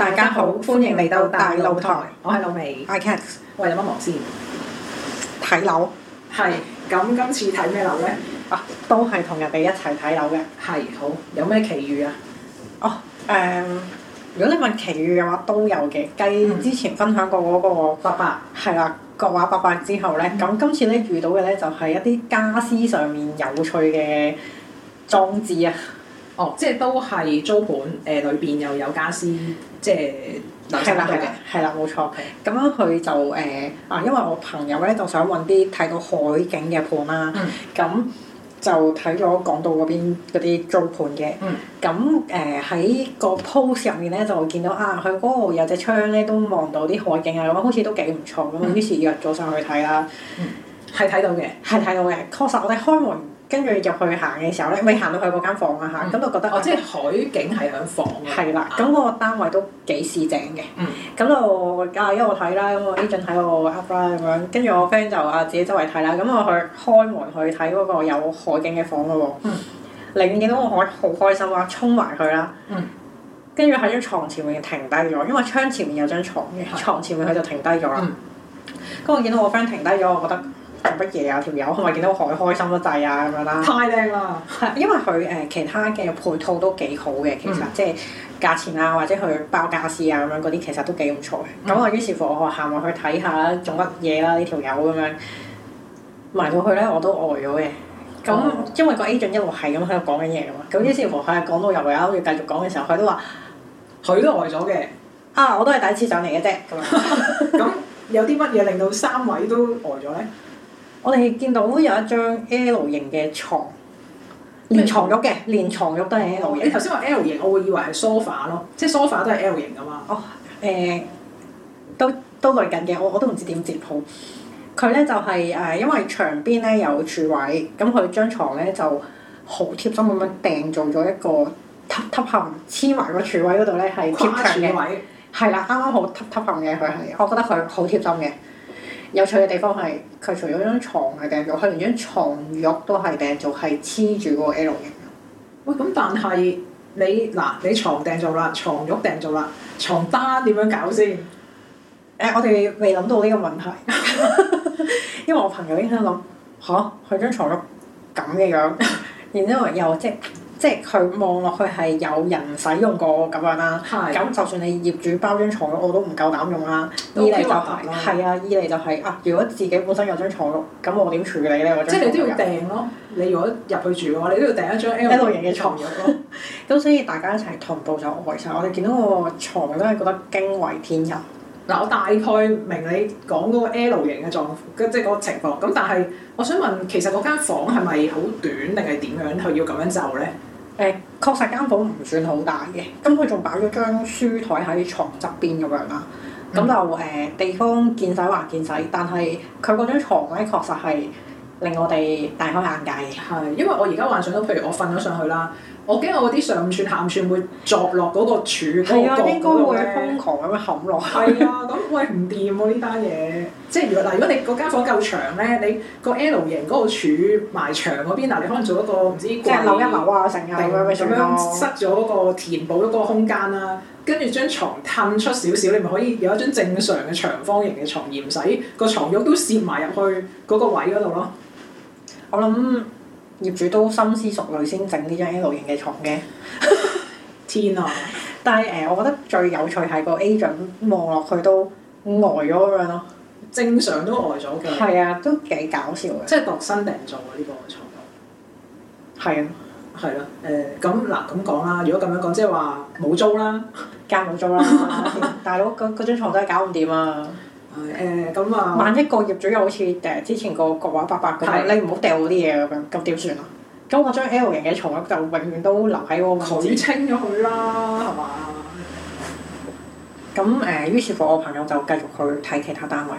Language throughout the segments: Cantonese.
大家好，歡迎嚟到大露台，我係柳眉 Icat，喂，有乜忙先？睇樓，係咁，今次睇咩樓呢？啊，都係同人哋一齊睇樓嘅。係，好，有咩奇遇啊？哦、呃，如果你問奇遇嘅話，都有嘅。繼之前分享過嗰、那個伯伯係啦，國畫伯伯之後呢，咁、嗯、今次呢，遇到嘅呢，就係一啲傢俬上面有趣嘅裝置啊！哦，即係都係租盤，誒、呃、裏邊又有傢俬，即係係啦，係係啦，冇錯。咁樣佢就誒啊、呃，因為我朋友咧就想揾啲睇到海景嘅盤啦。咁、嗯、就睇咗港島嗰邊嗰啲租盤嘅。咁誒喺個 post 入面咧就見到啊，佢嗰度有隻窗咧都望到啲海景啊，咁好似都幾唔錯咁。嗯、於是約咗上去睇啦。係睇、嗯、到嘅，係睇到嘅。確實我哋開門。跟住入去行嘅時候咧，未行到去嗰間房啊嚇，咁、嗯、就覺得哦，即係海景係響房嘅。係啦，咁個單位都幾市井嘅。咁、嗯、就啊，一路睇啦，咁我依陣睇我 up 啦咁樣。跟住我 friend 就啊，自己周圍睇啦。咁我去開門去睇嗰個有海景嘅房咯喎。嚟、嗯、見到我開，好開心啊，衝埋去啦。跟住喺張床前面停低咗，因為窗前面有張床嘅，床前面佢就停低咗啦。咁我、嗯、見到我 friend 停低咗，我覺得。做乜嘢啊？條友係咪見到海開心得滯啊，咁樣啦。太靚啦！因為佢誒其他嘅配套都幾好嘅，嗯、其實即係價錢啊，或者佢包傢俬啊，咁樣嗰啲其實都幾唔錯嘅。咁我、嗯、於是乎我話行埋去睇下做乜嘢啦？呢條友咁樣埋過去咧、啊，我都呆咗嘅。咁、哦、因為個 Agent 一路係咁喺度講緊嘢咁嘛。咁、嗯、於是乎佢講到入嚟啊，好似繼續講嘅時候，佢都話佢、嗯、都呆咗嘅。啊，我都係第一次上嚟嘅啫。咁 有啲乜嘢令到三位都呆咗咧？我哋見到有一張 L 型嘅床，連床褥嘅，麼連床褥都係 L 型。你頭先話 L 型，我會以為係 sofa 咯，即係 sofa 都係 L 型噶嘛。哦，誒、欸，都都耐緊嘅，我我都唔知點接好。佢呢就係、是、誒、呃，因為牆邊呢有柱位，咁佢張床呢就好貼心咁樣訂做咗一個榻榻榻，黐埋個柱位嗰度呢係貼牆嘅。係啦，啱啱好榻榻牀嘅佢係，我覺得佢好貼心嘅。有趣嘅地方係佢除咗張床係訂做，佢連張床褥都係訂做，係黐住嗰個 L 型嘅。喂，咁但係你嗱你牀訂做啦，牀褥訂做啦，床單點樣搞先？誒、 呃，我哋未諗到呢個問題， 因為我朋友已經喺度諗吓，佢張床褥咁嘅樣， 然之後又即。即係佢望落去係有人使用過咁樣啦、啊，咁的就算你業主包張床，褥，我都唔夠膽用啦。二嚟就係，係啊，二嚟就係啊，啊，啊。如果自己本身有張床，褥，咁我點處理呢？我即係你都要訂咯。你如果入去住嘅話，你都要訂一張 L, L 型嘅床、啊。褥咯。咁所以大家一齊同步就愛曬。我哋見到個牀真係覺得驚為天人。嗱、啊，我大概明你講嗰個 L 型嘅狀，即係嗰個情況。咁但係我想問，其實嗰間房係咪好短定係點樣？佢要咁樣就呢。誒、嗯呃，確實間房唔算好大嘅，咁佢仲擺咗張書台喺床側邊咁樣啦，咁就誒地方見使還見使，但係佢嗰張牀呢確實係令我哋大開眼界嘅，係因為我而家幻想到，譬如我瞓咗上去啦，我驚我嗰啲上串下串會鑿落嗰個柱嘅角度嗰度咧，係啊，應該會瘋狂咁樣冚落係啊，咁喂，唔掂喎呢單嘢。即係如，如果你嗰間房夠長呢，你個 L 型嗰個柱埋牆嗰邊嗱，你可能做一個唔知一樓一樓啊，成啊咁樣塞咗個填補咗嗰個空間啦、啊，跟住將床褪出少少，你咪可以有一張正常嘅長方形嘅床，而唔使個床褥都攝埋入去嗰個位嗰度咯。我諗業主都深思熟慮先整呢張 L 型嘅床嘅。 天啊！ 但係、呃、我覺得最有趣係個 agent 望落去都呆咗咁樣咯。正常都呆咗嘅，係啊，都幾搞笑嘅。 即係度身訂做啊！呢、這個牀，係啊，係咯。誒咁嗱咁講啦。如果咁樣講，即係話冇租啦，間冇租啦。大佬嗰嗰張牀都係搞唔掂啊！誒咁啊，萬一,一個業主又好似誒之前個國華伯伯嗰啲，你唔好掉嗰啲嘢咁，咁點算啊？咁、啊、我將 L 型嘅床，就永遠都留喺我，佢清咗佢啦，係嘛、啊？咁誒、呃，於是乎我朋友就繼續去睇其他單位。誒、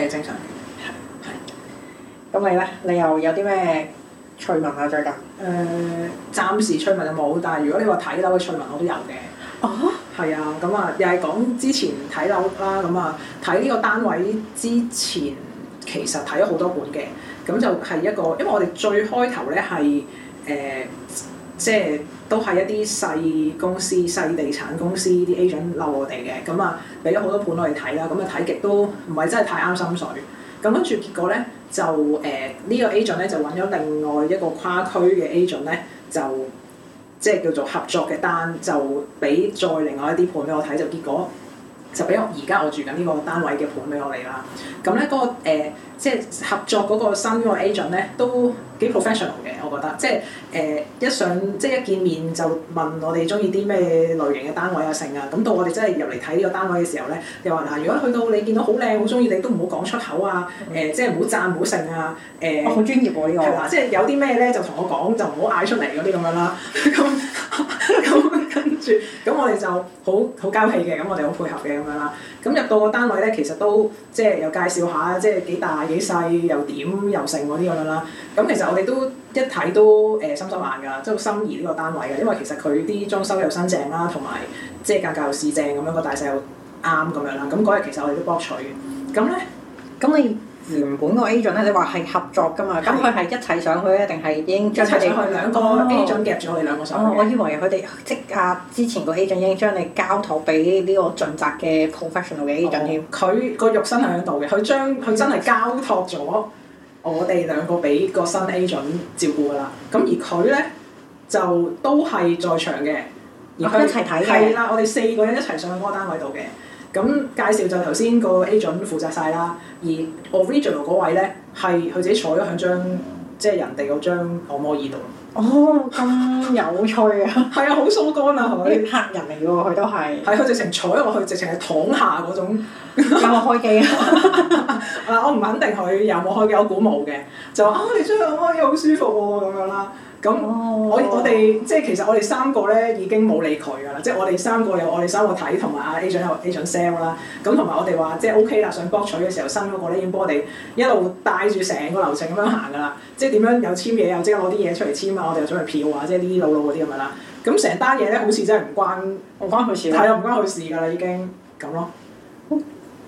呃，正常。係係。咁你咧？你又有啲咩趣聞啊最近？誒、呃，暫時趣聞就冇，但係如果你話睇樓嘅趣聞，我都有嘅。哦。係啊，咁、嗯、啊，又係講之前睇樓啦。咁、嗯、啊，睇呢個單位之前其實睇咗好多盤嘅。咁就係一個，因為我哋最開頭咧係誒。呃即係都係一啲細公司、細地產公司啲 agent 嬲我哋嘅，咁啊俾咗好多盤我哋睇啦，咁啊睇極都唔係真係太啱心水，咁跟住結果咧就誒呢、呃這個 agent 咧就揾咗另外一個跨區嘅 agent 咧就即係、就是、叫做合作嘅單，就俾再另外一啲盤俾我睇，就結果。就俾我而家我住緊呢個單位嘅盤俾我哋啦。咁咧嗰個、呃、即係合作嗰個新呢個 agent 咧都幾 professional 嘅，我覺得。即係誒、呃、一上即係一見面就問我哋中意啲咩類型嘅單位啊，剩啊。咁到我哋真係入嚟睇呢個單位嘅時候咧，又話嗱，如果去到你見到好靚好中意，你都唔好講出口啊。誒、嗯呃，即係唔好讚好剩啊。誒、呃，好、哦、專業喎、啊、呢、這個。係即係有啲咩咧就同我講，就唔好嗌出嚟嗰啲咁樣啦。咁咁。咁 我哋就好好交氣嘅，咁我哋好配合嘅咁樣啦。咁入到個單位咧，其實都即係又介紹下，即係幾大幾細又點又剩嗰啲咁樣啦。咁其實我哋都一睇都誒、呃、心心眼㗎，即係好心儀呢個單位嘅，因為其實佢啲裝修又新淨啦，同埋即係價格又市正咁、那個那個、樣，個大細又啱咁樣啦。咁嗰日其實我哋都博取嘅。咁咧，咁你？原本個 agent 咧，你話係合作噶嘛？咁佢係一齊上去咧，定係已經將一齊上去兩個 agent 夾住佢兩個上、哦、我以為佢哋即刻之前個 agent 已經將你交託俾呢個盡責嘅 professional 嘅 agent 添。佢、哦、個肉身係喺度嘅，佢、嗯、將佢真係交託咗我哋兩個俾個新 agent 照顧噶啦。咁、嗯、而佢咧就都係在場嘅，而佢、啊、一齊睇，係啦，我哋四個人一齊上去嗰個單位度嘅。咁介紹就頭先個 agent 負責晒啦，而 original 嗰位呢，係佢自己坐咗響張，即係人哋嗰張按摩椅度。哦，咁有趣啊！係啊， 好梳干啊佢，客人嚟㗎喎佢都係。係佢直情坐入去，直情係躺下嗰種。 有冇開機啊？ 我唔肯定佢有冇開機，我估冇嘅。就話、 啊、你坐喺按摩椅好舒服喎、啊、咁樣啦。咁我我哋、oh. 即係其實我哋三個呢已經冇理佢噶啦，即係我哋三個有我哋三個睇同埋阿 agent 有 agent sell 啦、啊，咁同埋我哋話即係 OK 啦，想博取嘅時候新嗰個呢已經幫我哋一路帶住成個流程咁樣行噶啦，即係點樣有簽嘢又即刻攞啲嘢出嚟簽啊，我哋又準備票啊，即係啲老老嗰啲咁樣啦。咁成單嘢呢，好似真係唔關唔關佢事。係啊，唔關佢事噶啦已經咁咯，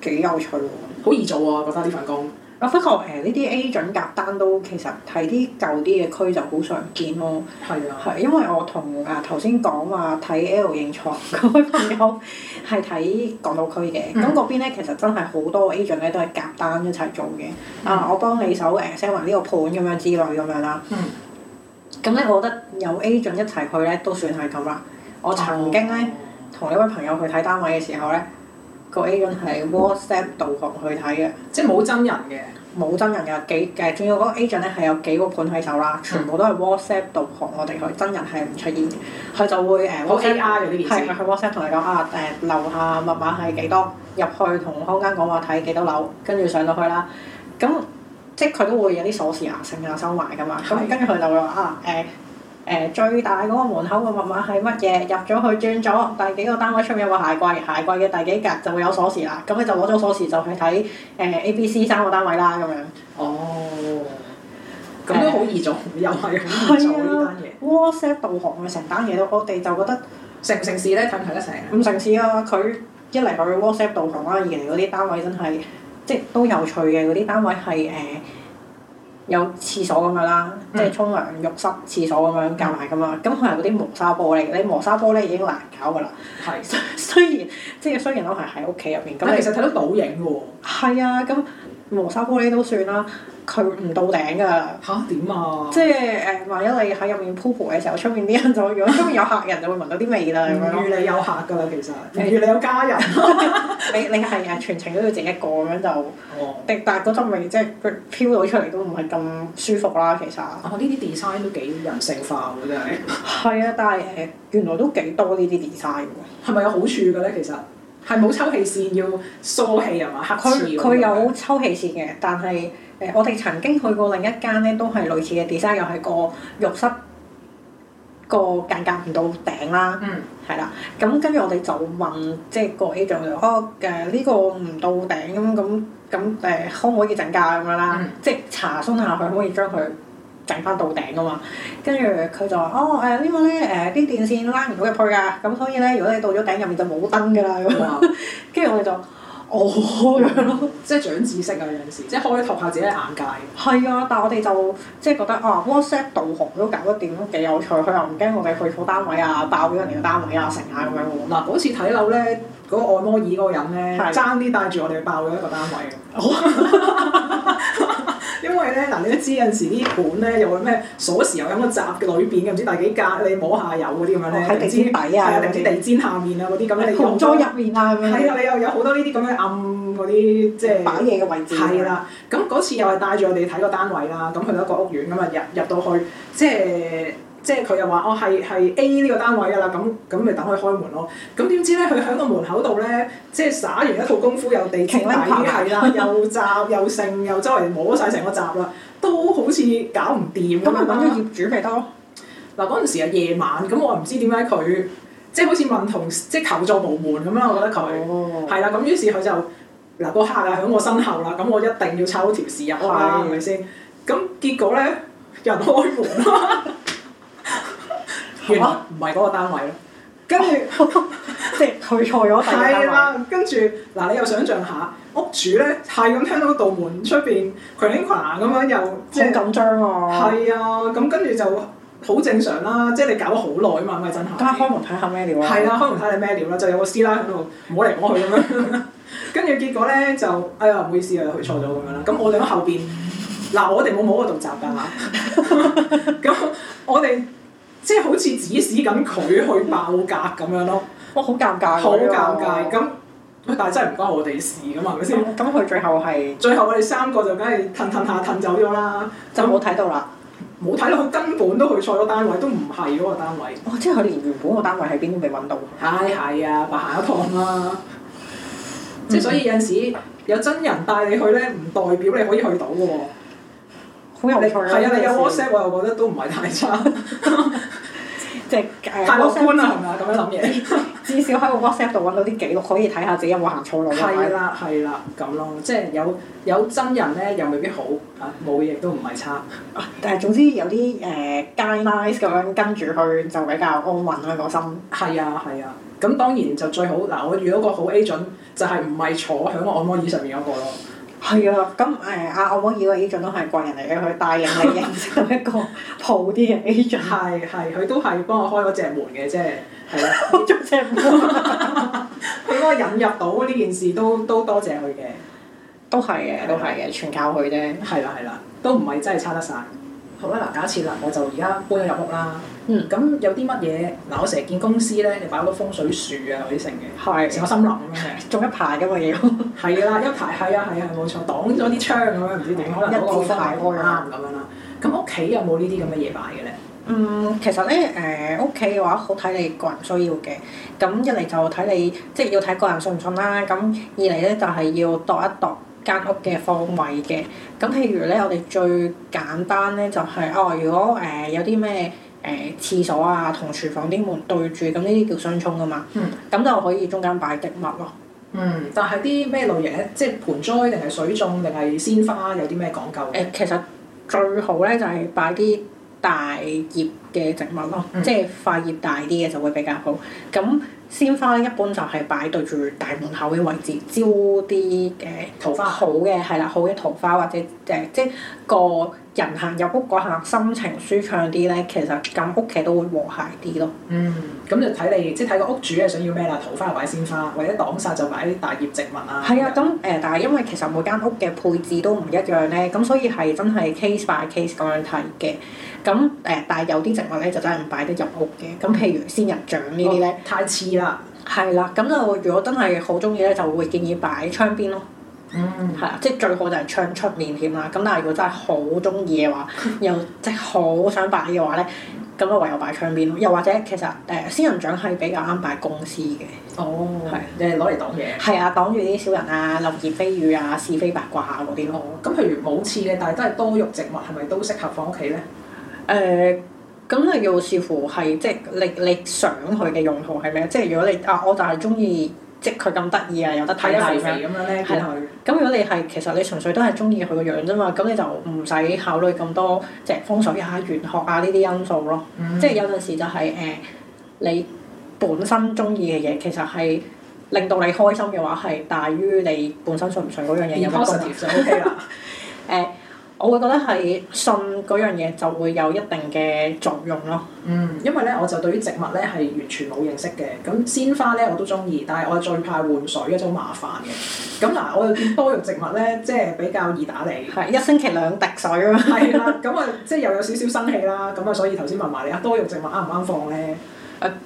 幾有趣喎，好易做啊，覺得呢份工。我不過誒呢啲 A 準夾單都其實睇啲舊啲嘅區就好常見咯。係是啊，係因為我同啊頭先講話睇 L 型床嗰位朋友係睇港島區嘅，咁嗰、嗯、邊咧其實真係好多 A 準呢都係夾單一齊做嘅。嗯、啊，我幫你手誒 sell 埋呢個盤咁樣之類咁樣啦。嗯。咁咧，我覺得有 A 準一齊去呢都算係咁啦。我曾經呢，同一、哦、位朋友去睇單位嘅時候呢。個 agent 係 WhatsApp 導航去睇嘅，即係冇真人嘅，冇真人嘅，幾誒仲有嗰個 agent 咧係有幾個盤喺手啦，全部都係 WhatsApp 導航我哋去，真人係唔出現嘅，佢就會誒 WhatsApp，WhatsApp 同你講啊誒，樓、呃、下密碼係幾多，入去同空間講話睇幾多樓，跟住上到去啦，咁即係佢都會有啲鎖匙啊、匙啊收埋㗎嘛，咁跟住佢就會話啊誒。啊呃最大嗰個門口嘅密碼係乜嘢？入咗去轉咗第幾個單位出面有個鞋櫃，鞋櫃嘅第幾格就會有鎖匙啦。咁你就攞咗鎖匙就去睇 A、B、呃、C 三個單位啦。咁樣哦，咁都好易做，欸、又係好易做呢單嘢。WhatsApp 導航咪成單嘢都我哋就覺得成唔成事咧，睇唔睇得成。唔成事啊！佢一嚟佢 WhatsApp 導航啦，二嚟嗰啲單位真係即都有趣嘅嗰啲單位係誒。呃有廁所咁樣啦，即係沖涼浴室、廁所咁樣夾埋咁樣！咁佢係嗰啲磨砂玻璃，你磨砂玻璃已經難搞噶啦。係，雖雖然即係雖然我係喺屋企入面，但係其實睇到倒影喎。係啊，咁。磨砂玻璃都算啦，佢唔到頂噶。吓點啊！啊即係誒、呃，萬一你喺入面 p u 嘅時候，出面啲人就如果出面有客人就會聞到啲味啦。預 你有客噶啦，其實預 你有家人。 你你係誒全程都要整一個咁樣就，oh. 但係嗰陣味即係飄到出嚟都唔係咁舒服啦，其實。哦、啊，呢啲 design 都幾人性化喎，真係。係 啊，但係誒、呃，原來都幾多呢啲 design 喎？係咪 有好處嘅咧？其實？係冇抽氣扇要梳氣係嘛？佢佢有抽氣扇嘅，但係誒、呃、我哋曾經去過另一間呢，都係類似嘅 design，又係個浴室個間隔唔到頂啦。嗯，嗯。係啦、嗯，咁跟住我哋就問，即、就、係、是、個 A 棟嘅呢個唔到頂咁咁咁誒可唔可以整架咁樣啦？即係查詢下佢可可以將佢？整翻到頂啊嘛，跟住佢就話：哦誒、呃這個、呢個咧誒啲電線拉唔到入去啊。」咁所以咧，如果你到咗頂，入面就冇燈㗎啦咁啊。跟住 我哋就哦，咁樣咯，即係長知識啊，有陣時，即係開拓下自己嘅眼界。係啊、嗯，但係我哋就即係覺得啊、哦、WhatsApp 導航都搞得掂，都幾有趣。佢又唔驚我哋去錯單位啊，爆咗人哋個單位啊，成啊咁樣喎。嗱、嗯，嗰次睇樓咧。嗯嗰個按摩椅嗰個人咧，爭啲帶住我哋去爆咗一個單位，因為咧嗱，你都知有陣時啲盤咧又會咩鎖匙又咁嘅閘嘅裏邊嘅，唔知第幾格你摸下有嗰啲咁樣咧，地氈底啊，定啲地氈下面啊，嗰啲咁樣你紅入面啊，咁樣係啊，你又有好多呢啲咁樣暗嗰啲即係擺嘢嘅位置係啦。咁嗰次又係帶住我哋睇個單位啦，咁去到一個屋苑咁啊，入入到去即係。即係佢又話：哦，係係，A 呢個單位嘅啦，咁咁咪等佢開門咯。咁點知呢？佢喺個門口度呢，即係耍完一套功夫又地鐵啦， 又雜又剩又周圍摸晒成個雜啦，都好似搞唔掂。咁咪揾咗業主咪得咯。嗱，嗰陣時係夜晚，咁我唔知點解佢即係好似問同即求助無門咁啦。我覺得佢係啦，咁、哦、於是佢就嗱個、啊、客啊喺我身後啦，咁我一定要抄條事入啦，係咪先？咁 結果呢，有人開門啦。 原來唔係嗰個單位咯，跟住即係去錯咗。係啦、嗯，跟住嗱，你又想像下屋主咧，係咁聽到道門出邊 ring ring ring 咁樣又好緊張喎。係啊，咁跟住就好正常啦，即係你搞咗好耐嘛，咁係真嚇、啊嗯。開門睇下咩料啊？係啦，開門睇下咩料啦，就有個師奶喺度，摸嚟摸去。咁、嗯、樣。跟、嗯、住結果咧就，哎呀唔好意思啊，去錯咗咁樣啦。咁我哋喺後邊，嗱我哋冇摸個道閘㗎，咁我哋。即係好似指使緊佢去爆格咁樣咯，哇、哦！好尷尬，尷尬，啊尷尬，好尷尬。咁但係真係唔關我哋事噶嘛，係咪先？咁佢最後係最後我哋三個就梗係騰騰下騰走咗啦，就冇睇到啦，冇睇那到，到根本都去錯咗單位，都唔係嗰個單位。哦、即係佢連原本個單位喺邊都未揾到。係係、哎哎、啊，白行一趟啦。即係所以有陣時有真人帶你去咧，唔代表你可以去到嘅喎。好、嗯、有趣啊！係啊你，你有 WhatsApp，我又覺得都唔係太差。即係、呃、太樂觀啦，係咪啊？咁樣諗嘢，至少喺個 WhatsApp 度揾到啲記錄，可以睇下自己有冇行錯路。係啦， 係啦，咁咯，即係有有真人咧，又未必好嚇，冇亦都唔係差。啊、但係總之有啲誒 guidelines 咁樣跟住去，就比較安穩開個心。係啊，係啊，咁 當然就最好嗱，我遇到個好 agent 就係唔係坐喺個按摩椅上面嗰個咯。係啊，咁誒 啊，我冇以為 agent 都係貴人嚟嘅，佢帶人嚟認識一個好啲 agent，係係佢都係幫我開嗰隻門嘅，啫。係係開咗隻門俾我引入到呢件事，都都多謝佢嘅，都係嘅，都係嘅，全靠佢啫，係啦，係啦，都唔係真係差得晒。好啦，嗱，假設啦，我就而家搬咗入屋啦。嗯，嗯，咁有啲乜嘢嗱？我成日見公司咧，你擺好多風水樹啊嗰啲成嘅，成個森林咁樣嘅，仲一排咁嘅嘢。係啊， 一排係啊係啊冇錯，擋咗啲窗咁樣，唔知點可能一枝花咁啱咁樣啦。咁屋企有冇呢啲咁嘅嘢擺嘅咧？嗯，其實咧誒，屋企嘅話好睇你個人需要嘅。咁一嚟就睇你，即係要睇個人信唔信啦。咁二嚟咧就係、是、要度一度間屋嘅方位嘅。咁譬如咧，我哋最簡單咧就係、是、哦、呃，如果誒、呃、有啲咩。誒、呃、廁所啊，同廚房啲門對住，咁呢啲叫相沖噶嘛。嗯。咁就可以中間擺植物咯。嗯。但係啲咩類型呢？即係盆栽定係水種定係鮮花有啲咩講究、呃？其實最好呢就係、是、擺啲大葉嘅植物咯，嗯、即係塊葉大啲嘅就會比較好。咁鮮花一般就係擺對住大門口嘅位置，招啲誒桃花，桃花好嘅係啦，好嘅桃花或者誒、呃、即個。人行入屋嗰下，心情舒暢啲呢，其實咁屋企都會和諧啲咯。嗯，咁就睇你，即係睇個屋主係想要咩啦，桃花就擺鮮花，或者擋煞就擺啲大葉植物啊。係啊，咁、呃、誒，但係因為其實每間屋嘅配置都唔一樣呢，咁所以係真係 case by case 咁樣睇嘅。咁誒、呃，但係有啲植物呢，就真係唔擺得入屋嘅。咁譬如仙人掌呢啲呢，呃、太刺啦。係啦、啊，咁就如果真係好中意呢，就會建議擺喺窗邊咯。 嗯，係啦，即係最好就係窗出面添啦。咁但係如果真係好中意嘅話，又即係好想擺嘅話咧，咁我唯有擺窗邊咯。又或者其實誒仙、呃、人掌係比較啱擺公司嘅，係你係攞嚟擋嘢。係啊，擋住啲小人啊、流言蜚語啊、是非八卦嗰啲咯。咁譬、嗯、如冇刺嘅，但係都係多肉植物，係咪都適合放屋企咧？誒、呃，咁誒要視乎係即係你你想佢嘅用途係咩？即係如果你啊，我就係中意即佢咁得意啊，有得睇咁樣咧，見佢。咁如果你係其實你純粹都係中意佢個樣啫嘛，咁你就唔使考慮咁多即係風水啊、玄學啊呢啲因素咯。Mm hmm. 即係有陣時就係、是、誒、呃、你本身中意嘅嘢，其實係令到你開心嘅話，係大於你本身信唔信嗰樣嘢 Be positive. 有冇問題就。誒、 okay。呃我會覺得係信嗰樣嘢就會有一定嘅作用咯。嗯，因為咧我就對於植物咧係完全冇認識嘅。咁鮮花咧我都中意，但係我最怕換水一種麻煩嘅。咁嗱， 我又見多肉植物咧，即係比較易打理。係 一星期兩滴水啊啦，咁啊 即係又有少少生氣啦。咁啊，所以頭先問埋你啊，多肉植物啱唔啱放咧？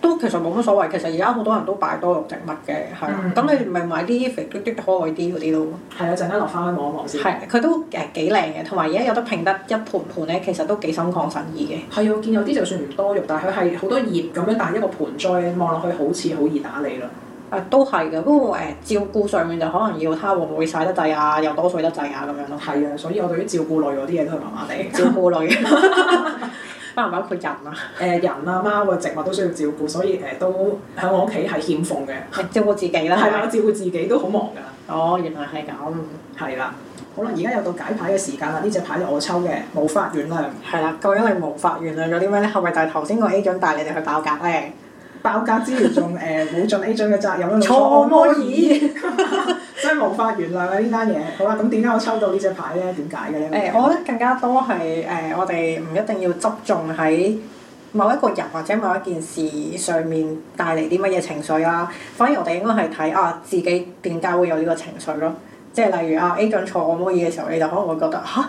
都其實冇乜所謂，其實而家好多人都擺多肉植物嘅，係啦。咁、嗯嗯、你唔係買啲肥嘟嘟可愛啲嗰啲咯？係啊，陣間落翻去望一望先。係，佢都誒幾靚嘅，同、呃、埋而家有得拼得一盆盆咧，其實都幾心曠神怡嘅。係啊，我見有啲就算唔多肉，但係佢係好多葉咁樣，但係一個盆栽望落去，好似好易打理咯、呃。都係嘅，不過誒照顧上面就可能要睇會唔會晒得滯啊，又多水得滯啊咁樣咯。係啊，所以我對於照顧類嗰啲嘢都係麻麻地。照顧類。包括人啊，誒人啊、貓啊、植物都需要照顧，所以誒、呃、都喺我屋企係欠奉嘅。照顧自己啦，係啊吧，照顧自己都好忙㗎。哦，原來係咁，係啦的。好啦，而家又到解牌嘅時間啦，呢隻牌就我抽嘅，無法原諒啦。係啦，究竟你無法原諒啦，有啲咩咧？係咪就係頭先個 AA 帶你哋去爆格咧？爆格之餘仲誒冇盡 agent 嘅責任咯， 坐摩椅， 真係無法原諒啦呢單嘢。好啦、啊，咁點解我抽到呢隻牌呢？點解嘅咧？我覺得更加多係誒、呃，我哋唔一定要執重喺某一個人或者某一件事上面帶嚟啲乜嘢情緒啊。反而我哋應該係睇啊自己點解會有呢個情緒咯。即係例如啊，agent 坐摩椅嘅時候，你就可能會覺得吓！」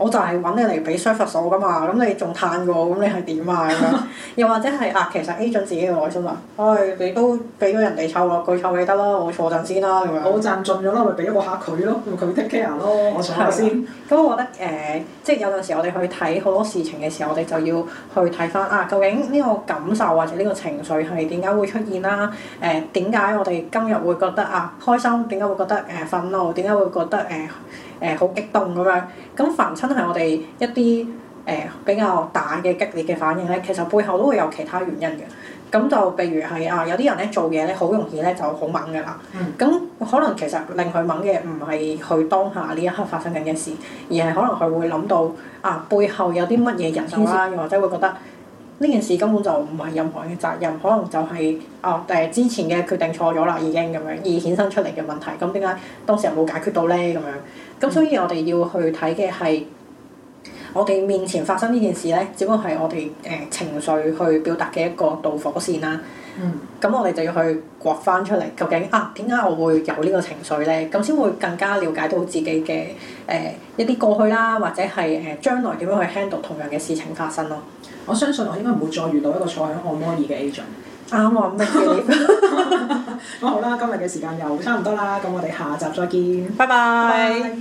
我就係揾你嚟俾 service 咗噶嘛，咁你仲嘆我，咁你係點啊？ 又或者係啊，其實 agent 自己嘅內心啊，唉、哎，你都俾咗人哋湊落佢湊你得 啦，我坐陣先啦咁樣。我賺盡咗啦，咪俾一個客佢咯，咪佢 take care 咯，我坐下先。咁我覺得誒、呃，即係有陣時我哋去睇好多事情嘅時候，我哋就要去睇翻啊，究竟呢個感受或者呢個情緒係點解會出現啦、啊？誒、呃，點解我哋今日會覺得啊、呃、開心？點解會覺得誒、呃、憤怒？點解會覺得誒？呃誒好、呃、激動咁樣，咁凡親係我哋一啲誒、呃、比較大嘅激烈嘅反應呢，其實背後都會有其他原因嘅。咁就譬如係啊，有啲人呢做嘢呢，好容易呢就好猛㗎喇。嗯。咁可能其實令佢猛嘅唔係佢當下呢一刻發生緊嘅事，而係可能佢會諗到啊背後有啲乜嘢人啦，又神或者會覺得。呢件事根本就唔係任何人嘅責任，可能就係哦誒之前嘅決定錯咗啦，已經咁樣而衍生出嚟嘅問題，咁點解當時又冇解決到呢？咁樣咁所以我哋要去睇嘅係我哋面前發生呢件事呢，只不過係我哋誒、呃、情緒去表達嘅一個導火線啦。咁、嗯、我哋就要去掘翻出嚟，究竟啊點解我會有呢個情緒呢？咁先會更加了解到自己嘅誒、呃、一啲過去啦，或者係誒、呃、將來點樣去 handle 同樣嘅事情發生咯。我相信我應該唔會再遇到一個坐喺按摩椅嘅 agent。啱我，咩嘅？咁 好啦，今日嘅時間又差唔多啦，咁我哋下集再見。拜拜。